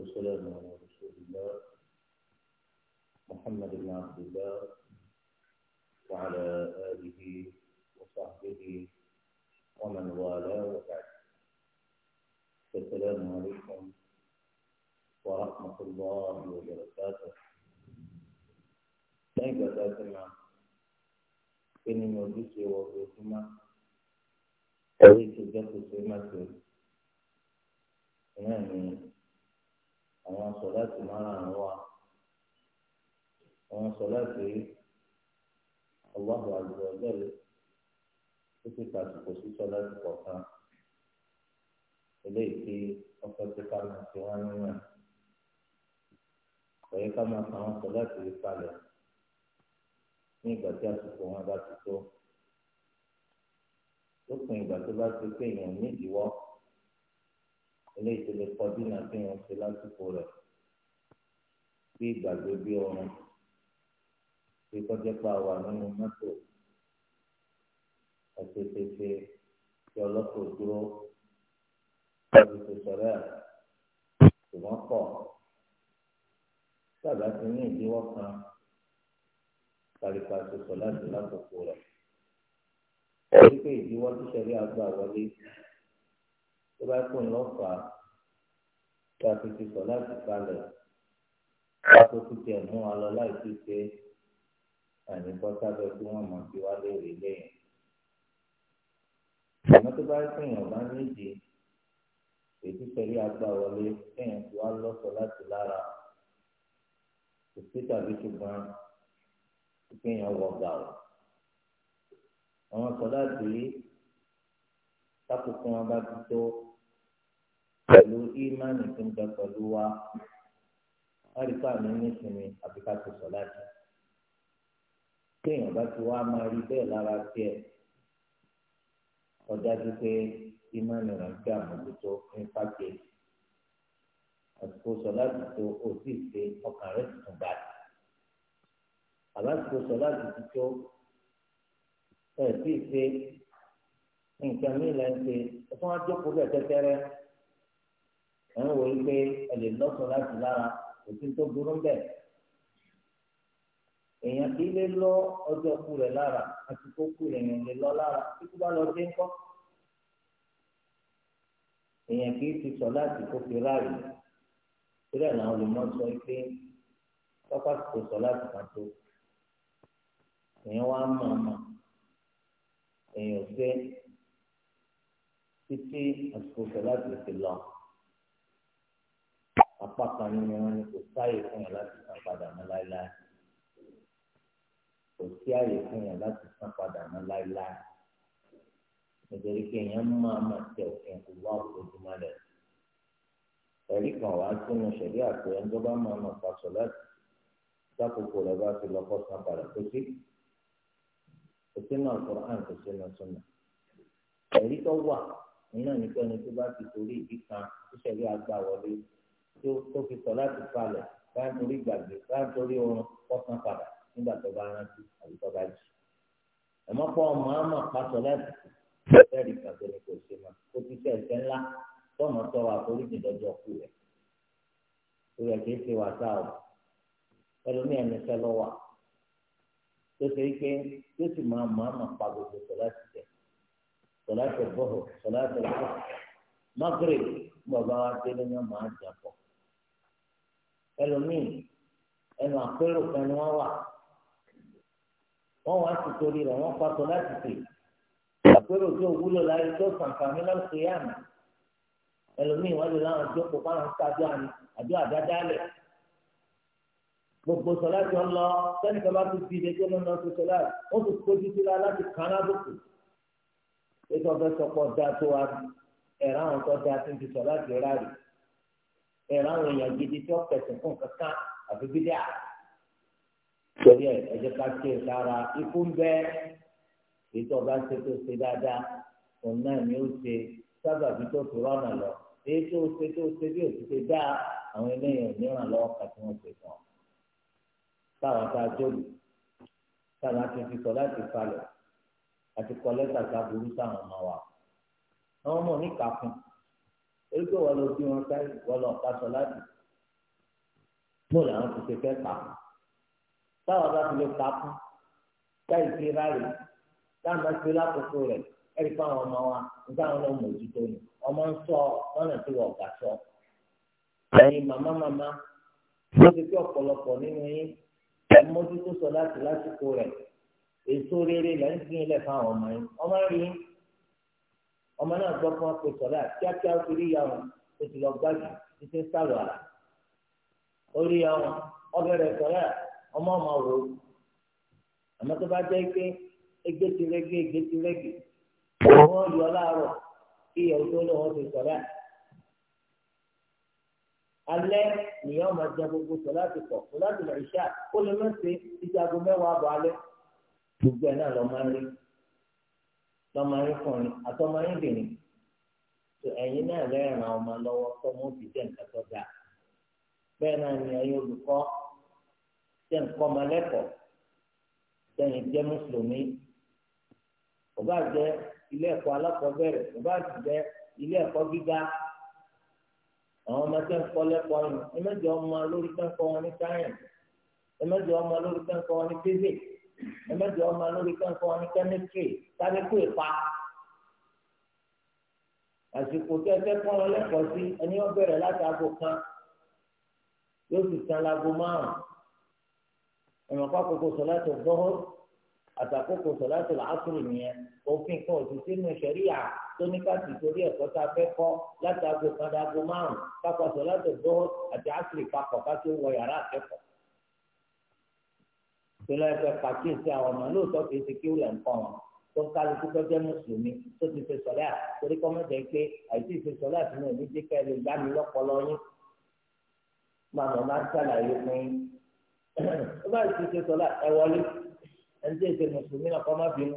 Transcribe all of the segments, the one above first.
والسلام على رسول الله محمد بن عبد الله وعلى آله وصحبه ومن والاه وبعد السلام عليكم ورحمة الله وبركاته لأن قدرتنا إني موجودي وبركما أريد أن تكون سمعتي يعني àwọn sọ láti márùn-ún wa àwọn sọ láti ọlọ́hùn àjùlọ ọjọ́lẹ̀ ó sì pàṣípò sí sọ láti kọ̀ọ̀kan eléyìí tí ọkọ̀ tí ká máa ti wá nínú ẹ̀ kọ̀yé ká máa fa àwọn sọ láti rí ní ìgbà tí àsìkò wọn bá ti tó lópin ìgbà tó bá ti pé èèyàn ní ìdíwọ́ kọjú náà fi hàn sí lásìkò rẹ̀ bí ìgbàgbé bí ọrùn bí kọjá pa wà nínú mọ́tò àtẹtẹtẹ tí ọlọ́pàá dúró lọ́dún tó sọ̀rọ̀ ẹ̀ ṣùgbọ́n pọ̀ sábà ti ní ìdíwọ́ kan kàlíkà tó sọ láti lákòókò rẹ̀ wípé ìdíwọ́ tó ṣẹlẹ̀ àgbà wọlé tó bá kún lọ́fàá kí a fi ti sọ láti falẹ̀ kí a tó ti tẹ̀ mú wa lọ láì tí ṣe àní bọ́sábẹ́ tí wọ́n mọ̀ sí wa léèrè lẹ́yìn. àmọ́ tó bá pè yàn bá méje èyí pẹ̀lú agbá wọlé kéèyàn ti wá lọ́sọ̀ láti lára kò tàbí ṣùgbọ́n kéèyàn wọ gàù. àwọn sọ láti rí tákùkù wọn bá ti tó pẹ̀lú ímánì tó ń bẹ pẹ̀lú wa wọ́n rí fáàmì nísìnyí àbí ká ti sọ láti. téèyàn bá ti wá máa rí bẹ́ẹ̀ lára tiẹ̀ ọ̀dájú pé ímánì rẹ̀ ń gbé àmójútó ní pàkíyèsí. àsìkò sọ láti tó òsì ṣe ọkàn rẹ̀ tuntun bá a. àbásìkò sọ láti ti tó ẹ̀ sì ṣe nǹkan mìíràn ṣe fún wa tẹ́tẹ́rẹ́ ẹ̀ ń wò yí pé ẹ lè lọ́sọ̀ láti lára òfin tó burú bẹ́ẹ̀ èèyàn kì í lè lọ ọjọ́ kú rẹ̀ lára àti kó kú rẹ̀ yẹn lè lọ lára tí kú bá lọ dé ńkọ́ èèyàn kì í ti sọ láti kó fi ráàyè sílẹ̀ làwọn olùmọ̀ sọ pé tọ́pá kò sọ láti kàn èèyàn wá mọ̀ ọmọ èèyàn fẹ́ títí àsìkò sọ láti fi lọ apá kan nínú wọn ni kò sáàyè fún yàn láti san padà mọ́ láéláé kò sí àyè fún yàn láti san padà mọ́ láéláé nítorí pé èèyàn máa máa tẹ òfin kò wá òfojúmọ́ rẹ̀ ẹ̀rí kan wàá sínú ṣẹ̀rí àti ẹ̀ńdọ́ bá máa máa pa sọ̀lá sákòókò rẹ̀ bá fi lọ́kọ́ san padà kó sí kò sínú Al-Qur'an kò sínú Sunnah ẹ̀rí tó wà nínú nípa ẹni tó bá ti torí ìdí kan tó ṣẹ̀rí àgbà wọlé tó fi sọ láti falẹ̀ báyà torí gbàgbé báyà torí oorun kọ́sán padà nígbà tó bá rántí àbí tó bá jù. ẹ̀mọ́ pọ̀ màmá pàṣọ láti fẹ́ẹ̀rì kàtó ni kò ṣe máa ó ti fẹ́ ẹ̀fẹ́ ńlá tọ́mọ tọrọ àforíjì lọ́jọ́ kú rẹ̀. ìrẹ̀ kìí ṣe wàsá o ẹlòmíràn ní fẹ́ lọ́wọ́ tó ṣe é pé tó sì máa màmá pa gbogbo sọ láti jẹ sọ láti bọ̀ sọ láti bọ̀ mọ́gírì bàbá wa délé ní ọmọ àjàpọ̀ ẹlòmíì ẹnu àpérò kan ni wọ́n wà wọ́n wá sí torí rẹ̀ wọ́n pàtó láti pè àpérò tí ò wúlò láyé tó sàǹfààní lọ́sọ̀ yá mi ẹlòmíì wọ́n lè láwọn jókòó fáwọn ń sáájú àmì àjọ àdádálẹ̀ gbogbo sọlá tí ó lọ sẹ́nìkan bá tún fi ilé tó lọ́nà tó sọlá ó tún kójú síra láti kàn án lókè ètò ọ̀fẹ́ sọpọ̀ dáa tó wa ẹ̀rọ àwọn tó dáa tó ń fi sọlá tó ẹ̀rọ àwọn èèyàn gidi tí wọ́n pẹ̀sẹ̀ fún kankan àfi bídẹ́ à. torí ẹ ẹ jẹ́ ká ṣe ìtara ikú ń bẹ ètò ọba ṣe tó ṣe dáadáa òun náà ni ó ṣe sábàbí tó fi rọ́nà lọ èyí tó ṣe tó ṣe bí òtún ṣe dá àwọn eléyìí ò ní ràn lọ́wọ́ kà tí wọ́n ṣe tán. táwọn tá jóòlù táwọn ti fi sọ láti falẹ̀ àti kọ́ lẹ́tà tá sáwọn ọmọ wa. àwọn ọmọ oníkàkùn orí pé wọ́n lọ bí wọn ká wọ́n lọ ká sọ láti bó làwọn ti ṣe fẹ́ pa táwọn bá ti lè pa fún táyì ti ráàlì táwọn bá ti lè lákòókò rẹ̀ ẹ̀rí fún àwọn ọmọ wa nígbà wọn lọ mọ òjútó ni ọmọ ń sọ lọ́nà tí wọ́n gbà sọ. ẹ̀yin màmá màmá ló ti fi ọ̀pọ̀lọpọ̀ nínú yín ẹ̀ mójútó sọ láti lásìkò rẹ̀ èso rere lẹ́yìn sí ilẹ̀ fún àwọn ọmọ yín ọmọ rí yín ọmọ náà gbọ́ fún apò sọ̀rọ̀ kíákíá ó ti rí ìyá wọn ó ti lọ gbájú títí ń sàlọ̀ àlà ó rí ìyá wọn ọbẹ̀rẹ̀ sọ̀rọ̀ ọmọ ọmọ rò ó àmọ́ tó bá jẹ́ pé egé ti rẹ́gí egé ti rẹ́gí wọ́n yọ láàárọ̀ kí ìyàwó tó lọ́wọ́ ti sọ̀rọ̀ alẹ́ nìyẹn ọmọ jẹ gbogbo sọ̀rọ̀ àti pọ̀ sọ̀rọ̀ àti lọ́ọ́ ìṣá ó lè mọ̀ sí mẹ́wàá àbọ̀ alẹ́ gbogbo ẹ̀ náà lọ́ máa ń rí tọmọrinfọrin àtọmọrinbìnrin tó ẹ̀yin náà lẹ́ràn ọmọ lọ́wọ́ tọmọ òbí jẹ́ nǹkan tó dáa bẹ́ẹ̀ náà ni ẹ̀yin olùkọ́ jẹ́ nǹkan ọmọlẹ́kọ̀ọ́ sẹ́yìn jẹ́ mùsùlùmí kò bá jẹ́ ilé ẹ̀kọ́ alákọ̀ọ́bẹ̀rẹ̀ kò bá jẹ́ ilé ẹ̀kọ́ gíga àwọn ọmọ tẹ́ ń kọ́ lẹ́kọ̀ọ́ yìí ẹ mẹ́jọ ọmọ lórí tẹ́ ń wọn ní sáyẹ̀nsì ẹ mẹ́jọ ọmọ lórí tẹ́ wọn ní físíkì ẹ̀mẹ́jọ ọmọ lórí kẹ́kọ̀ọ́ ní kẹ́míkì sáré kó ipa àsìkò tẹ́ fẹ́ kọ́ wọn lẹ́kọ̀ọ́ sí ẹni wọ́n bẹ̀rẹ̀ láti aago kan yóò sì tan láago márùn ẹ̀mọ̀ kó àkókò sọ̀lá tó gbọ́rọ̀ àtàkókò sọ̀lá tó làásùrù nìyẹn òfin kan ò sì sínú ìṣẹ̀ríyà tó ní ká sì torí ẹ̀kọ́ tá a fẹ́ kọ́ láti aago kan dáago márùn kápá sọ̀lá tó gbọ́rọ̀ àti àṣírí papọ̀ ká tó wọ yàrá àkẹ́kọ̀ọ́ ìlú ẹ̀fẹ̀ pàkíyèsí àwọn ọmọ lóòótọ́ kìí ṣe kéwù lẹ̀ ń kọ́ wọn tó ń kálukú tó jẹ́ mùsùlùmí tó ti ṣe sọ̀lẹ́ à torí kọ́ mọ́tẹ́ pé àìsí ìṣe sọ̀lẹ́ àti náà ní jẹ́ ká gbá mi lọ́pọlọ yín màmá máa ń ṣàlàyé fún yín ó bá ti ṣe sọ̀lẹ́ ẹ wọlé ẹni tí èsè mùsùlùmí náà kọ́ má bínú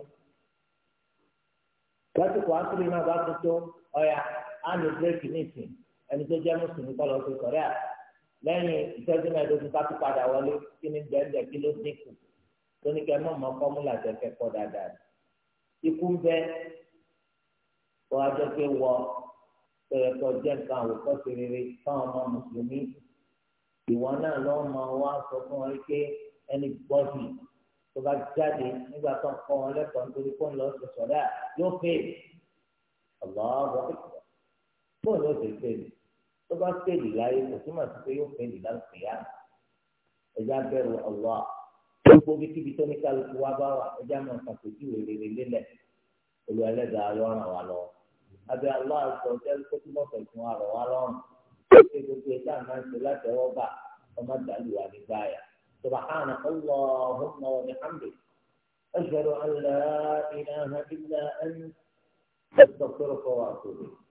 lásìkò àtúrò náà bá tó tó á ní bírèkì ní ìsìn ẹni tó jẹ́ mùsùlùmí kọ́ lọ ṣe sọ̀lẹ́ à lẹ́yìn ìtọ́jú mẹ́ẹ̀ẹ́dógún ká tó padà wọlé kí ni bẹ́ẹ̀ kí ló dínkù tóníkẹ́ mọ̀ mọ́ fọ́múlà tẹ̀fẹ́ kọ́ dáadáa ikú ń bẹ kó a jọ pé wọ tẹ̀yẹ kọ́ jẹ́ nǹkan àwòkọ́ sí rere fáwọn ọmọ mùsùlùmí ìwọ náà lọ́ mọ wá sọ fún wọn pé ẹni gbọ́dì tó bá jáde nígbà tó ń kọ́ wọn lẹ́kọ̀ọ́ nítorí kó ń lọ sí sọ̀dá yóò tó bá fèlì láyé kò túmọ̀ sí pé yóò fèlì láti yá ẹja bẹ̀rù ọ̀wọ́ gbogbo bí kíbi tó ní kálukú wá bá wà ẹja máa ṣàpèjú rere lélẹ̀ olú ẹlẹ́dàá yọ ràn wá lọ abẹ́ aláàzọ jẹ́ kó túbọ̀ fẹ̀sùn wa rọ̀ wá lọ́rùn ṣé gbogbo ẹja máa ń ṣe láti ọwọ́ bà ọmọ dàlúwà ní báyà subahana allahumma wa bihamdik ashhadu an la ilaha illa anta astaghfiruka wa atubu ilayk